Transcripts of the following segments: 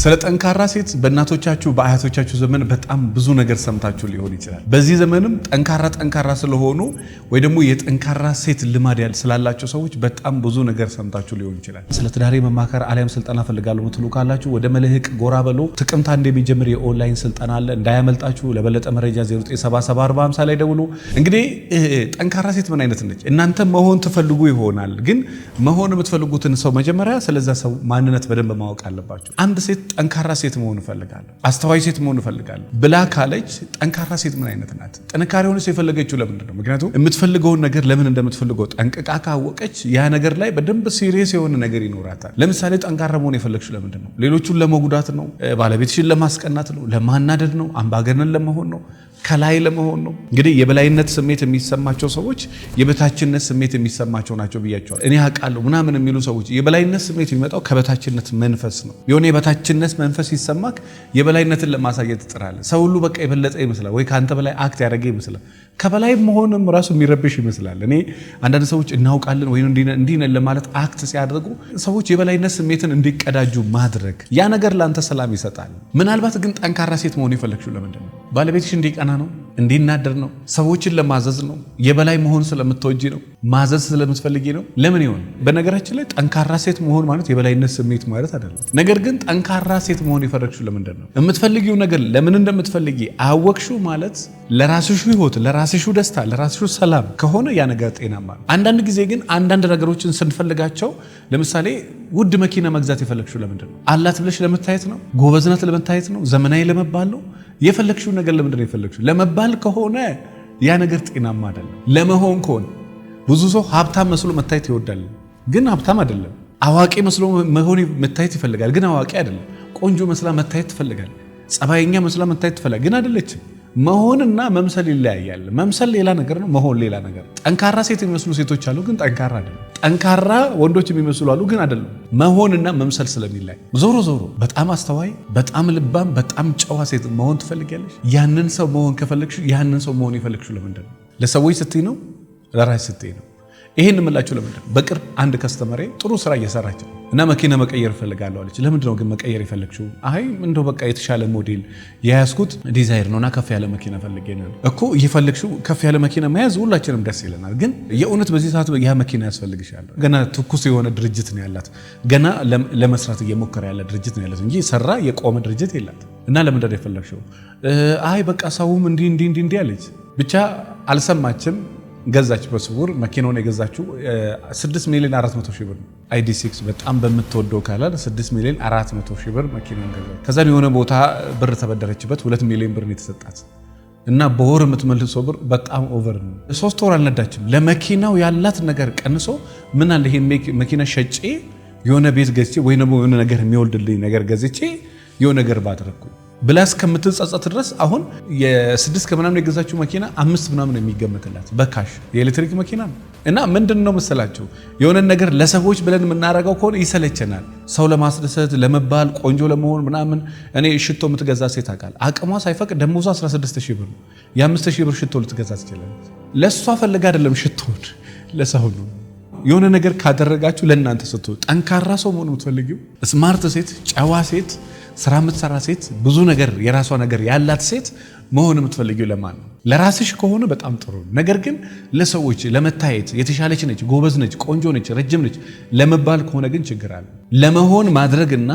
ስለ ጠንካራ ሴት በእናቶቻችሁ በአያቶቻችሁ ዘመን በጣም ብዙ ነገር ሰምታችሁ ሊሆን ይችላል። በዚህ ዘመንም ጠንካራ ጠንካራ ስለሆኑ ወይ ደግሞ የጠንካራ ሴት ልማድ ያል ስላላቸው ሰዎች በጣም ብዙ ነገር ሰምታችሁ ሊሆን ይችላል። ስለ ትዳሬ መማከር አሊያም ስልጠና ፈልጋለሁ ምትሉ ካላችሁ ወደ መልህቅ ጎራ በሎ ጥቅምታ እንደሚጀምር የኦንላይን ስልጠና አለ፣ እንዳያመልጣችሁ። ለበለጠ መረጃ 0974 ላይ ደውሉ። እንግዲህ ጠንካራ ሴት ምን አይነት ነች? እናንተ መሆን ትፈልጉ ይሆናል፣ ግን መሆን የምትፈልጉትን ሰው መጀመሪያ ስለዛ ሰው ማንነት በደንብ ማወቅ አለባቸው። አንድ ሴት ጠንካራ ሴት መሆን እፈልጋለሁ፣ አስተዋይ ሴት መሆን እፈልጋለሁ ብላ ካለች ጠንካራ ሴት ምን አይነት ናት? ጥንካሬ ሰው የፈለገችው ለምንድን ነው? ምክንያቱም የምትፈልገውን ነገር ለምን እንደምትፈልገው ጠንቅቃ ካወቀች ያ ነገር ላይ በደንብ ሲሪየስ የሆነ ነገር ይኖራታል። ለምሳሌ ጠንካራ መሆን የፈለግችው ለምንድን ነው? ሌሎቹን ለመጉዳት ነው? ባለቤትሽን ለማስቀናት ነው? ለማናደድ ነው? አምባገነን ለመሆን ነው? ከላይ ለመሆን ነው። እንግዲህ የበላይነት ስሜት የሚሰማቸው ሰዎች የበታችነት ስሜት የሚሰማቸው ናቸው ብያቸዋል። እኔ አውቃለሁ ምናምን የሚሉ ሰዎች የበላይነት ስሜት የሚመጣው ከበታችነት መንፈስ ነው። የሆነ የበታችነት መንፈስ ሲሰማክ የበላይነትን ለማሳየት ትጥራለህ። ሰው ሁሉ በቃ የበለጠ ይመስላል ወይ ከአንተ በላይ አክት ያደረገ ይመስላል። ከበላይ መሆንም ራሱ የሚረብሽ ይመስላል። እኔ አንዳንድ ሰዎች እናውቃለን ወይ እንዲህ ነን ለማለት አክት ሲያደርጉ ሰዎች የበላይነት ስሜትን እንዲቀዳጁ ማድረግ ያ ነገር ለአንተ ሰላም ይሰጣል። ምናልባት ግን ጠንካራ ሴት መሆን የፈለግሽው ለምንድን ነው? ባለቤትሽ እንዲቀና ነው እንዲናደር ነው? ሰዎችን ለማዘዝ ነው? የበላይ መሆን ስለምትወጂ ነው? ማዘዝ ስለምትፈልጊ ነው? ለምን ይሆን? በነገራችን ላይ ጠንካራ ሴት መሆን ማለት የበላይነት ስሜት ማለት አይደለም። ነገር ግን ጠንካራ ሴት መሆን የፈረግሹ ለምንድን ነው? የምትፈልጊው ነገር ለምን እንደምትፈልጊ አወቅሹ ማለት ለራስሹ ህይወት፣ ለራስሹ ደስታ፣ ለራስሹ ሰላም ከሆነ ያ ነገር ጤናማ ነው። አንዳንድ ጊዜ ግን አንዳንድ ነገሮችን ስንፈልጋቸው ለምሳሌ ውድ መኪና መግዛት የፈለግሹ ለምንድን ነው? አላት ብለሽ ለመታየት ነው? ጎበዝነት ለመታየት ነው? ዘመናዊ ለመባል ነው? የፈለግሽው ነገር ለምንድን ነው የፈለግሽው? ለመባል ከሆነ ያ ነገር ጤናማ አይደለም። ለመሆን ከሆነ ብዙ ሰው ሀብታም መስሎ መታየት ይወዳል፣ ግን ሀብታም አይደለም። አዋቂ መስሎ መሆን መታየት ይፈልጋል፣ ግን አዋቂ አይደለም። ቆንጆ መስላ መታየት ትፈልጋል፣ ጸባይኛ መስላ መታየት ትፈልጋል፣ ግን አይደለችም። መሆንና መምሰል ይለያያል። መምሰል ሌላ ነገር ነው፣ መሆን ሌላ ነገር። ጠንካራ ሴት የሚመስሉ ሴቶች አሉ፣ ግን ጠንካራ አይደለም። ጠንካራ ወንዶች የሚመስሉ አሉ፣ ግን አይደሉም። መሆንና መምሰል ስለሚላይ ዞሮ ዞሮ በጣም አስተዋይ፣ በጣም ልባም፣ በጣም ጨዋ ሴት መሆን ትፈልጊያለሽ። ያንን ሰው መሆን ከፈለግሽ ያንን ሰው መሆን የፈለግሽው ለምንድን ነው? ለሰዎች ስትይ ነው? ለራስሽ ስትይ ነው? ይሄን የምላችሁ ለምንድን ነው? በቅርብ አንድ ከስተመሬ ጥሩ ስራ እየሰራች ነው እና መኪና መቀየር እፈልጋለሁ አለች። ለምንድን ነው ግን መቀየር የፈለግሽው? አይ እንደው በቃ የተሻለ ሞዴል የያዝኩት ዲዛይር ነው እና ከፍ ያለ መኪና ፈልጌ ነው እኮ። እየፈለግሽው ከፍ ያለ መኪና መያዝ ሁላችንም ደስ ይለናል፣ ግን የእውነት በዚህ ሰዓት ያ መኪና ያስፈልግሻል። ገና ትኩስ የሆነ ድርጅት ነው ያላት፣ ገና ለመስራት እየሞከረ ያለ ድርጅት ነው ያላት እንጂ ሰራ የቆመ ድርጅት የላት እና ለምንድን ነው የፈለግሽው? አይ በቃ ሰውም እንዲህ እንዲህ እንዲህ አለች። ብቻ አልሰማችም ገዛች በስውር መኪናውን የገዛችው 6 ሚሊዮን 400 ሺህ ብር ነው። በጣም በምትወደው ካላል 6 ሚሊዮን 400 ሺህ ብር መኪናውን ገዛ። ከዛ የሆነ ቦታ ብር ተበደረችበት 2 ሚሊዮን ብር የተሰጣት እና በወር የምትመልሰው ብር በጣም ኦቨር ነው። ሶስት ወር አልነዳችም። ለመኪናው ያላት ነገር ቀንሶ ምን አለ ይሄ መኪና ሸጬ የሆነ ቤት ገዝቼ ወይ የሆነ ነገር የሚወልድልኝ ነገር ገዝቼ የሆነ ነገር ባደረግኩኝ ብላ እስከምትጸጸት ድረስ አሁን የስድስት ከምናምን የገዛችው መኪና አምስት ምናምን የሚገመትላት በካሽ የኤሌክትሪክ መኪና ነው። እና ምንድን ነው መሰላችሁ የሆነን ነገር ለሰዎች ብለን የምናደርገው ከሆነ ይሰለቸናል። ሰው ለማስደሰት ለመባል፣ ቆንጆ ለመሆን ምናምን። እኔ ሽቶ የምትገዛ ሴት አቃል አቅሟ ሳይፈቅድ ደሞዟ 16 ሺህ ብር ነው። የ5 ሺህ ብር ሽቶ ልትገዛ ትችላለች። ለእሷ ፈልግ አይደለም ሽቶን ለሰው ነው። የሆነ ነገር ካደረጋችሁ ለእናንተ ስትሆን ጠንካራ ሰው መሆን የምትፈልጊው ስማርት ሴት፣ ጨዋ ሴት ስራ የምትሰራ ሴት ብዙ ነገር የራሷ ነገር ያላት ሴት መሆን የምትፈልጊው ለማን ነው? ለራስሽ ከሆነ በጣም ጥሩ። ነገር ግን ለሰዎች ለመታየት የተሻለች ነች፣ ጎበዝ ነች፣ ቆንጆ ነች፣ ረጅም ነች ለመባል ከሆነ ግን ችግር አለ። ለመሆን ማድረግና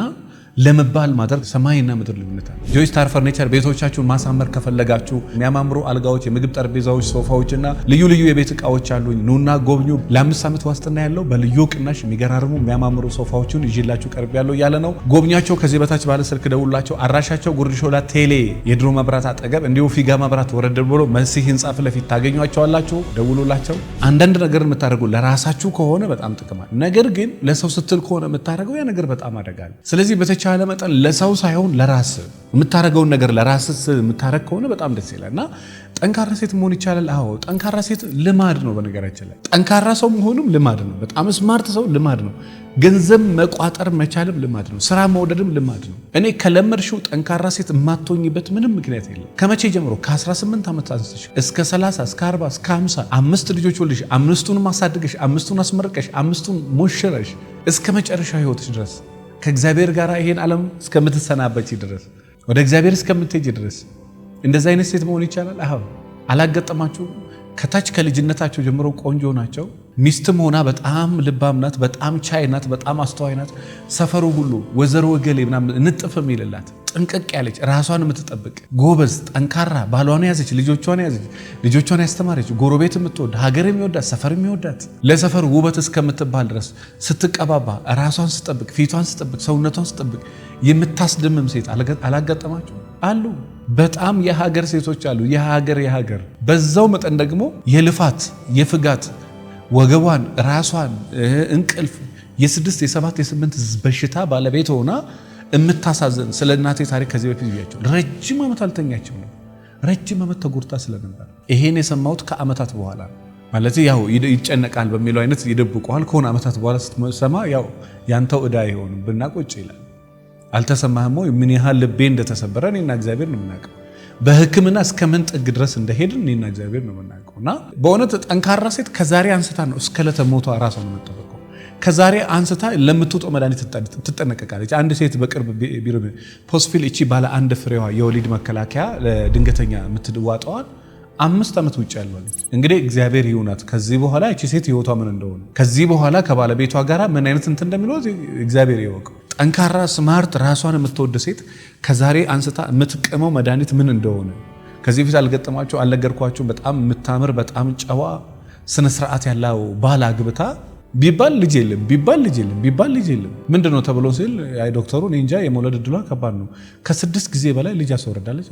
ለመባል ማድረግ ሰማይና ምድር ልዩነት አለ። ጆይ ስታር ፈርኒቸር ቤቶቻችሁን ማሳመር ከፈለጋችሁ የሚያማምሩ አልጋዎች፣ የምግብ ጠረጴዛዎች፣ ሶፋዎች እና ልዩ ልዩ የቤት እቃዎች አሉኝ። ኑና ጎብኙ። ለአምስት ዓመት ዋስትና ያለው በልዩ ቅናሽ የሚገራርሙ የሚያማምሩ ሶፋዎችን ይዤላችሁ ቀርብ ያለው እያለ ነው። ጎብኛቸው። ከዚህ በታች ባለ ስልክ ደውላቸው። አድራሻቸው ጉርድ ቴሌ የድሮ መብራት አጠገብ እንዲሁም ፊጋ መብራት ወረድ ብሎ መሲህ ህንፃ ፊት ለፊት ታገኟቸዋላችሁ። ደውሉላቸው። አንዳንድ ነገር የምታደርጉ ለራሳችሁ ከሆነ በጣም ጥቅማል። ነገር ግን ለሰው ስትል ከሆነ የምታደርገው ያ ነገር በጣም አደጋል። ስለዚህ በተቻ በተቻለ መጠን ለሰው ሳይሆን ለራስ የምታደርገውን ነገር ለራስ የምታደርግ ከሆነ በጣም ደስ ይላል እና ጠንካራ ሴት መሆን ይቻላል። አዎ ጠንካራ ሴት ልማድ ነው። በነገራችን ላይ ጠንካራ ሰው መሆኑም ልማድ ነው። በጣም ስማርት ሰው ልማድ ነው። ገንዘብ መቋጠር መቻልም ልማድ ነው። ስራ መውደድም ልማድ ነው። እኔ ከለመድሽው ጠንካራ ሴት የማትሆኝበት ምንም ምክንያት የለም። ከመቼ ጀምሮ? ከ18 ዓመት አንስተሽ እስከ 30 እስከ 40 እስከ 50 አምስት ልጆች ወልሽ፣ አምስቱን ማሳደገሽ አምስቱን አስመርቀሽ፣ አምስቱን ሞሽረሽ እስከ መጨረሻ ህይወትሽ ድረስ ከእግዚአብሔር ጋር ይሄን ዓለም እስከምትሰናበች ድረስ ወደ እግዚአብሔር እስከምትሄጅ ድረስ እንደዚህ አይነት ሴት መሆን ይቻላል? አሁን አላገጠማችሁ? ከታች ከልጅነታቸው ጀምሮ ቆንጆ ናቸው። ሚስትም ሆና በጣም ልባም ናት፣ በጣም ቻይ ናት፣ በጣም አስተዋይ ናት። ሰፈሩ ሁሉ ወይዘሮ ወገሌ ምናምን እንጥፍ የሚልላት ጥንቅቅ ያለች ራሷን የምትጠብቅ ጎበዝ፣ ጠንካራ፣ ባሏን ያዘች፣ ልጆቿን ያዘች፣ ልጆቿን ያስተማረች፣ ጎረቤት የምትወድ፣ ሀገር የሚወዳት፣ ሰፈር የሚወዳት፣ ለሰፈር ውበት እስከምትባል ድረስ ስትቀባባ፣ ራሷን ስጠብቅ፣ ፊቷን ስጠብቅ፣ ሰውነቷን ስጠብቅ የምታስደምም ሴት አላጋጠማቸው አሉ። በጣም የሀገር ሴቶች አሉ። የሀገር የሀገር በዛው መጠን ደግሞ የልፋት የፍጋት ወገቧን ራሷን እንቅልፍ የስድስት የሰባት የስምንት በሽታ ባለቤት ሆና የምታሳዝን ስለ እናቴ ታሪክ ከዚህ በፊት ብያቸው ረጅም ዓመት አልተኛችም ነው። ረጅም ዓመት ተጎድታ ስለነበር ይሄን የሰማሁት ከዓመታት በኋላ ማለት ያው ይጨነቃል በሚለው አይነት ይደብቀዋል። ከሆነ ዓመታት በኋላ ስትሰማ ያው ያንተው ዕዳ ይሆንም ብናቆጭ ይላል። አልተሰማህም ወይ? ምን ያህል ልቤ እንደተሰበረ እኔና እግዚአብሔር ነው የምናውቀው። በሕክምና እስከ ምን ጥግ ድረስ እንደሄድን እኔና እግዚአብሔር ነው የምናውቀው። እና በእውነት ጠንካራ ሴት ከዛሬ አንስታ ነው እስከ ለተሞቷ ራሷ ነው የምጠበቀው። ከዛሬ አንስታ ለምትውጠው መድኃኒት ትጠነቀቃለች። አንድ ሴት በቅርብ ቢሮ ፖስፊል እቺ ባለ አንድ ፍሬዋ የወሊድ መከላከያ ድንገተኛ የምትዋጠዋል አምስት ዓመት ውጭ ያለው ልጅ እንግዲህ እግዚአብሔር ይሁናት። ከዚህ በኋላ እቺ ሴት ህይወቷ ምን እንደሆነ ከዚህ በኋላ ከባለቤቷ ጋር ምን አይነት እንትን እንደሚለ እግዚአብሔር ይወቅ። ጠንካራ፣ ስማርት፣ ራሷን የምትወድ ሴት ከዛሬ አንስታ የምትቅመው መድኃኒት ምን እንደሆነ ከዚህ በፊት አልገጠማቸው አልነገርኳቸው በጣም የምታምር በጣም ጨዋ ስነስርዓት ያለው ባል አግብታ ቢባል ልጅ የለም ቢባል ልጅ የለም ቢባል ልጅ የለም ምንድን ነው ተብሎ ሲል አይ ዶክተሩ እኔ እንጃ የመውለድ እድሏ ከባድ ነው፣ ከስድስት ጊዜ በላይ ልጅ ያስወርዳለች።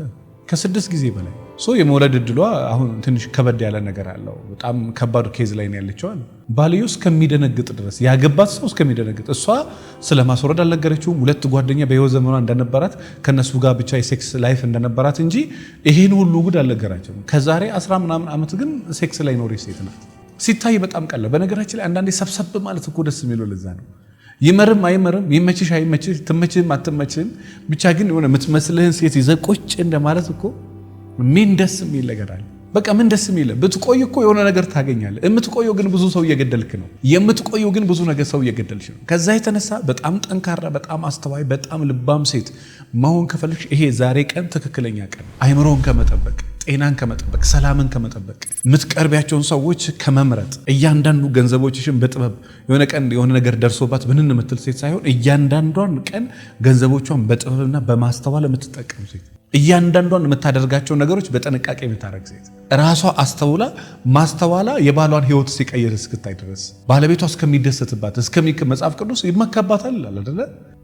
ከስድስት ጊዜ በላይ ሶ የመውለድ እድሏ አሁን ትንሽ ከበድ ያለ ነገር አለው። በጣም ከባዱ ኬዝ ላይ ነው ያለችዋል። ባልዮ እስከሚደነግጥ ድረስ ያገባት ሰው እስከሚደነግጥ እሷ ስለ ማስወረድ አልነገረችውም። ሁለት ጓደኛ በህይወት ዘመኗ እንደነበራት ከነሱ ጋር ብቻ የሴክስ ላይፍ እንደነበራት እንጂ ይሄን ሁሉ ጉድ አልነገራቸውም። ከዛሬ አስራ ምናምን ዓመት ግን ሴክስ ላይ ኖሬ ሴት ናት ሲታይ በጣም ቀለ። በነገራችን ላይ አንዳንዴ ሰብሰብ ማለት እኮ ደስ የሚለው ለዛ ነው። ይመርም አይመርም፣ ይመችሽ አይመችሽ፣ ትመችህም አትመችህም፣ ብቻ ግን የሆነ የምትመስልህን ሴት ይዘህ ቁጭ እንደማለት እኮ ምን ደስ የሚል ነገር አለ? በቃ ምን ደስ የሚል ብትቆይ እኮ የሆነ ነገር ታገኛለ። የምትቆየው ግን ብዙ ሰው እየገደልክ ነው። የምትቆየው ግን ብዙ ነገር ሰው እየገደልሽ ነው። ከዛ የተነሳ በጣም ጠንካራ፣ በጣም አስተዋይ፣ በጣም ልባም ሴት መሆን ከፈለግሽ ይሄ ዛሬ ቀን ትክክለኛ ቀን፣ አይምሮን ከመጠበቅ፣ ጤናን ከመጠበቅ፣ ሰላምን ከመጠበቅ፣ የምትቀርቢያቸውን ሰዎች ከመምረጥ፣ እያንዳንዱ ገንዘቦችሽን በጥበብ የሆነ ቀን የሆነ ነገር ደርሶባት ብንን የምትል ሴት ሳይሆን እያንዳንዷን ቀን ገንዘቦቿን በጥበብና በማስተዋል የምትጠቀም ሴት እያንዳንዷን የምታደርጋቸው ነገሮች በጥንቃቄ የምታደርግ ሴት ራሷ አስተውላ ማስተዋላ የባሏን ሕይወት ሲቀየር እስክታይ ድረስ ባለቤቷ እስከሚደሰትባት መጽሐፍ ቅዱስ ይመካባታል አይደለ?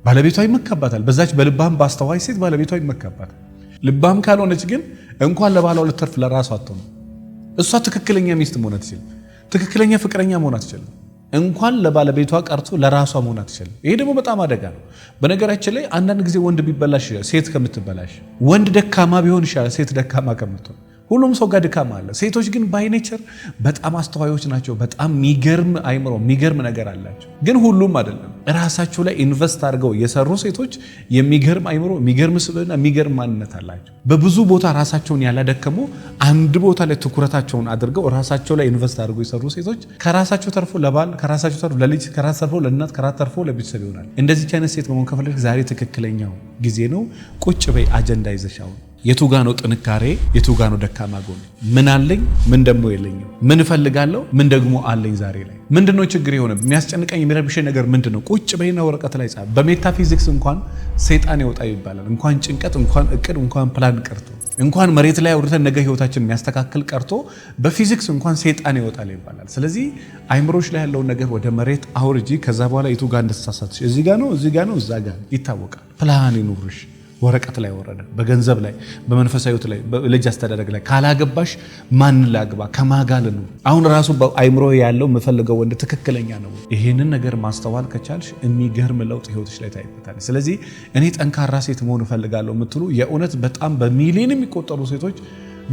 ባለቤቷ ይመካባታል። በዛች በልባም በአስተዋይ ሴት ባለቤቷ ይመካባታል። ልባም ካልሆነች ግን እንኳን ለባሏ ልተርፍ ለራሷ አቶ ነው። እሷ ትክክለኛ ሚስት መሆን አትችልም። ትክክለኛ ፍቅረኛ መሆን አትችልም። እንኳን ለባለቤቷ ቀርቶ ለራሷ መሆን አትችልም። ይሄ ደግሞ በጣም አደጋ ነው። በነገራችን ላይ አንዳንድ ጊዜ ወንድ ቢበላሽ ሴት ከምትበላሽ፣ ወንድ ደካማ ቢሆን ይሻላል ሴት ደካማ ከምትሆን ሁሉም ሰው ጋር ድካም አለ። ሴቶች ግን ባይኔቸር በጣም አስተዋዮች ናቸው። በጣም የሚገርም አይምሮ፣ የሚገርም ነገር አላቸው። ግን ሁሉም አይደለም። ራሳቸው ላይ ኢንቨስት አድርገው የሰሩ ሴቶች የሚገርም አይምሮ፣ የሚገርም ስብዕና፣ የሚገርም ማንነት አላቸው። በብዙ ቦታ ራሳቸውን ያላደከሙ አንድ ቦታ ላይ ትኩረታቸውን አድርገው ራሳቸው ላይ ኢንቨስት አድርገው የሰሩ ሴቶች ከራሳቸው ተርፎ ለባል፣ ከራሳቸው ተርፎ ለልጅ፣ ከራስ ተርፎ ለእናት፣ ከራስ ተርፎ ለቤተሰብ ይሆናል። እንደዚህ አይነት ሴት መሆን ከፈለግ ዛሬ ትክክለኛው ጊዜ ነው። ቁጭ በይ አጀንዳ ይዘሻውን የቱጋ ነው ጥንካሬ፣ የቱጋ ነው ደካማ ጎን፣ ምን አለኝ፣ ምን ደግሞ የለኝም፣ ምን እፈልጋለሁ፣ ምን ደግሞ አለኝ። ዛሬ ላይ ምንድነው ችግር የሆነ የሚያስጨንቀኝ የሚረብሸኝ ነገር ምንድነው? ቁጭ በይና ወረቀት ላይ ጻፍ። በሜታፊዚክስ እንኳን ሰይጣን ይወጣ ይባላል። እንኳን ጭንቀት፣ እንኳን እቅድ፣ እንኳን ፕላን ቀርቶ እንኳን መሬት ላይ አውርተን ነገ ህይወታችን የሚያስተካክል ቀርቶ በፊዚክስ እንኳን ሰይጣን ይወጣል ይባላል። ስለዚህ አይምሮች ላይ ያለውን ነገር ወደ መሬት አውርጂ። ከዛ በኋላ የቱጋ እንደተሳሳትሽ፣ እዚህ ነው፣ እዚህ ነው፣ እዛ ጋ ይታወቃል። ፕላን ይኑርሽ። ወረቀት ላይ ወረደ። በገንዘብ ላይ፣ በመንፈሳዊት ላይ፣ ልጅ አስተዳደግ ላይ ካላገባሽ ማን ላግባ ከማጋል ነው። አሁን ራሱ አይምሮ ያለው የምፈልገው ወንድ ትክክለኛ ነው። ይህንን ነገር ማስተዋል ከቻልሽ የሚገርም ለውጥ ህይወትሽ ላይ ታይበታል። ስለዚህ እኔ ጠንካራ ሴት መሆን እፈልጋለሁ የምትሉ የእውነት በጣም በሚሊዮን የሚቆጠሩ ሴቶች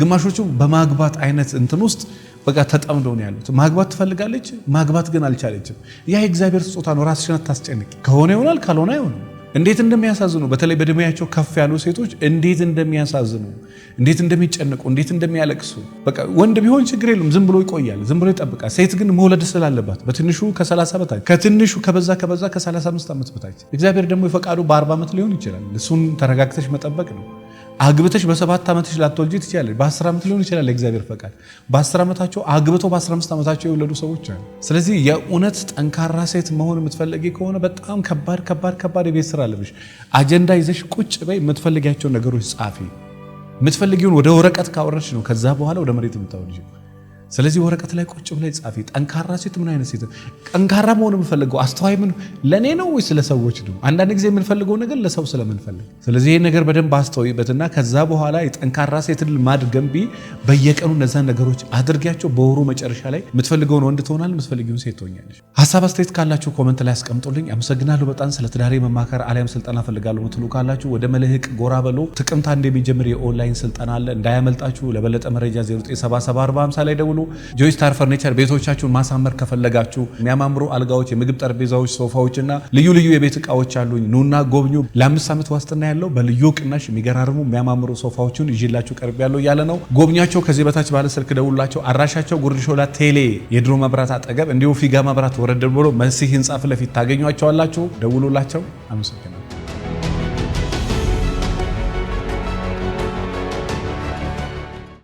ግማሾቹ በማግባት አይነት እንትን ውስጥ በቃ ተጠምደው ነው ያሉት። ማግባት ትፈልጋለች፣ ማግባት ግን አልቻለችም። ያ የእግዚአብሔር ስጦታ ነው። ራስሽን አታስጨንቂ። ከሆነ ይሆናል፣ ካልሆነ አይሆንም። እንዴት እንደሚያሳዝኑ በተለይ በእድሜያቸው ከፍ ያሉ ሴቶች እንዴት እንደሚያሳዝኑ፣ እንዴት እንደሚጨንቁ፣ እንዴት እንደሚያለቅሱ። በቃ ወንድ ቢሆን ችግር የለም ዝም ብሎ ይቆያል፣ ዝም ብሎ ይጠብቃል። ሴት ግን መውለድ ስላለባት በትንሹ ከ30 በታች ከትንሹ ከበዛ ከበዛ ከ35 ዓመት በታች እግዚአብሔር ደግሞ የፈቃዱ በ40 ዓመት ሊሆን ይችላል። እሱን ተረጋግተሽ መጠበቅ ነው። አግብተሽ በሰባት ዓመትሽ ላትወልጂ ትችላለሽ። በአስር ዓመት ሊሆን ይችላል እግዚአብሔር ፈቃድ። በአስር ዓመታቸው አግብተው በአስራ አምስት ዓመታቸው የወለዱ ሰዎች አሉ። ስለዚህ የእውነት ጠንካራ ሴት መሆን የምትፈለጊ ከሆነ በጣም ከባድ ከባድ ከባድ የቤት ስራ አለብሽ። አጀንዳ ይዘሽ ቁጭ በይ። የምትፈልጊያቸው ነገሮች ጻፊ። የምትፈልጊውን ወደ ወረቀት ካወረድሽ ነው ከዛ በኋላ ወደ መሬት የምታወርጂው። ስለዚህ ወረቀት ላይ ቁጭ ብላይ ጻፊ። ጠንካራ ሴት ምን አይነት ሴት? ጠንካራ መሆን የምፈልገው አስተዋይ ምን ለእኔ ነው ወይስ ለሰዎች ነው? አንዳንድ ጊዜ የምንፈልገው ነገር ለሰው ስለምንፈልግ፣ ስለዚህ ይህ ነገር በደንብ አስተውይበትና ከዛ በኋላ የጠንካራ ሴት ልማድ ገንቢ፣ በየቀኑ እነዛ ነገሮች አድርጊያቸው። በወሩ መጨረሻ ላይ የምትፈልገውን ወንድ ትሆናል፣ የምትፈልጊውን ሴት ትሆኛለች። ሀሳብ አስተያየት ካላችሁ ኮመንት ላይ አስቀምጡልኝ። አመሰግናለሁ በጣም ስለ ትዳሬ መማከር አሊያም ስልጠና ፈልጋለሁ ምትሉ ካላችሁ ወደ መልህቅ ጎራ በሎ። ጥቅምታ እንደሚጀምር የኦንላይን ስልጠና አለ፣ እንዳያመልጣችሁ። ለበለጠ መረጃ 0974 ላይ ደውሉ። ሁሉ ጆይስታር ፈርኒቸር ቤቶቻችሁን ማሳመር ከፈለጋችሁ የሚያማምሩ አልጋዎች፣ የምግብ ጠረጴዛዎች፣ እና ልዩ ልዩ የቤት እቃዎች አሉኝ። ኑና ጎብኙ። ለአምስት ዓመት ዋስትና ያለው በልዩ ቅናሽ የሚገራርሙ የሚያማምሩ ሶፋዎችን ይዤላችሁ ቀርብ ያለው እያለ ነው። ጎብኛቸው። ከዚህ በታች ባለ ስልክ ደውላቸው። አድራሻቸው ጉርድሾላ ቴሌ የድሮ መብራት አጠገብ እንዲሁም ፊጋ መብራት ወረድ ብሎ መሲህ ህንፃ ፊት ለፊት ታገኟቸዋላችሁ። ደውሉላቸው። አመሰግናለሁ።